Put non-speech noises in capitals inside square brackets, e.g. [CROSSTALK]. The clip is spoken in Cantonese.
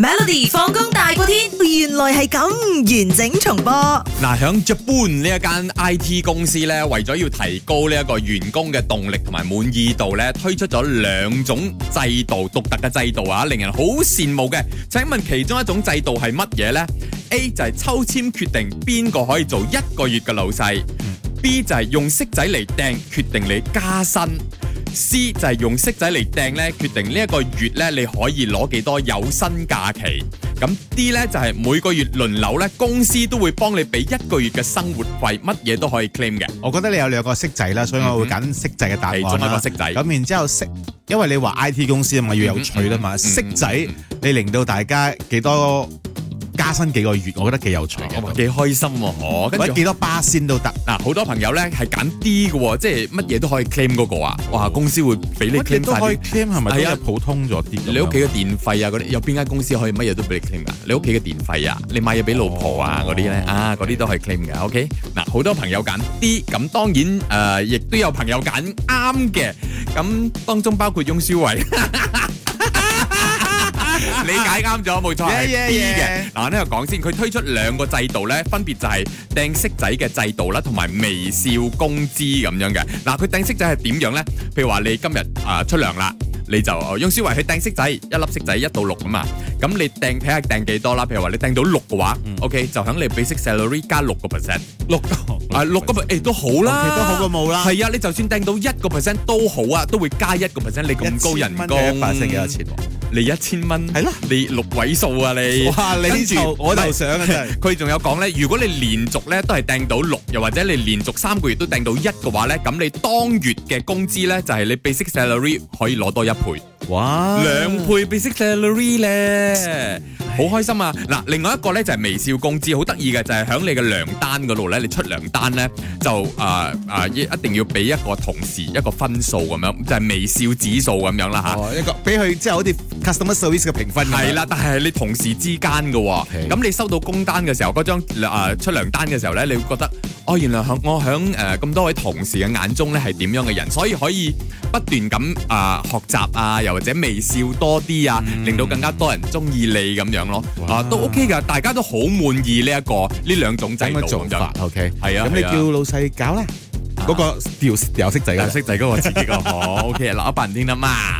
Melody 放工大過天，原來係咁完整重播。嗱、啊，響 Japan 呢一間 IT 公司咧，為咗要提高呢一個員工嘅動力同埋滿意度咧，推出咗兩種制度，獨特嘅制度啊，令人好羨慕嘅。請問其中一種制度係乜嘢咧？A 就係抽籤決定邊個可以做一個月嘅老細，B 就係用骰仔嚟掟決定你加薪。C 就係用色仔嚟掟咧，決定呢一個月咧，你可以攞幾多有薪假期。咁 D 呢，就係每個月輪流咧，公司都會幫你俾一個月嘅生活費，乜嘢都可以 claim 嘅。我覺得你有兩個色仔啦，所以我會揀色仔嘅答案啦。係，仲一個色仔。咁然之後色，因為你話 I T 公司啊嘛，就係，要有趣啊嘛，嗯嗯嗯嗯嗯、色仔你令到大家幾多加薪幾個月，我覺得幾有趣，幾開心喎！我跟住幾多巴仙都得嗱，好多朋友咧係揀 D 嘅，即係乜嘢都可以 claim 嗰個啊！哇，公司會俾你 claim 翻啲 claim 係咪？係啊，普通咗啲。你屋企嘅電費啊，嗰啲有邊間公司可以乜嘢都俾你 claim 㗎？你屋企嘅電費啊，你買嘢俾老婆啊嗰啲咧啊，嗰啲都可以 claim 㗎。OK，嗱，好多朋友揀 D，咁當然誒，亦都有朋友揀啱嘅，咁當中包括翁少偉。理解啱咗，冇錯，係、yeah, yeah , yeah. B 嘅。嗱，呢度講先，佢推出兩個制度咧，分別就係掟骰仔嘅制度啦，同埋微笑工資咁樣嘅。嗱，佢掟骰仔係點樣咧？譬如話，你今日啊出糧啦，你就用思維去掟骰仔，一粒骰仔一到六啊嘛。咁你掟睇下掟幾多啦？譬如話你掟到六嘅話，OK 就響你 basic salary 加六個 percent，六啊六個 percent，誒都好啦，okay, 都好過冇啦。係啊，你就算掟到一個 percent 都好啊，都會加一個 percent。你咁高人工，發成幾多錢？你一千蚊，係咯的，你六位數啊你。哇，你跟住我就想啊。佢仲有講咧，如果你連續咧都係掟到六，又或者你連續三個月都掟到一嘅話咧，咁你當月嘅工資咧就係、是、你 basic salary 可以攞多一倍，哇，兩倍 basic salary 咧。 [LAUGHS] 好開心啊！嗱，另外一個咧就係微笑工資，好得意嘅就係、是、喺你嘅糧單嗰度咧，你出糧單咧就啊啊一一定要俾一個同事一個分數咁樣，就係、是、微笑指數咁樣啦嚇、哦。一個俾佢即係好似 customer service 嘅評分。係啦，但係你同事之間嘅喎，咁 Okay. 你收到工單嘅時候，嗰張、呃、出糧單嘅時候咧，你會覺得。我原來響我響誒咁多位同事嘅眼中咧係點樣嘅人，所以可以不斷咁啊學習啊，又或者微笑多啲啊，令到更加多人中意你咁樣咯。嗯、啊，哇都 OK 㗎，大家都好滿意呢、這、一個呢兩種制度嘅做法。樣 OK，係啊。咁、啊啊、你叫老細搞咧，嗰、啊那個掉色仔，掉色仔啊，色仔嗰個自己個好 OK，落一半點啦嘛。